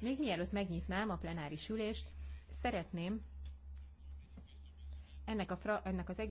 Még mielőtt megnyitnám a plenáris ülést, szeretném ennek, a fra, ennek az egész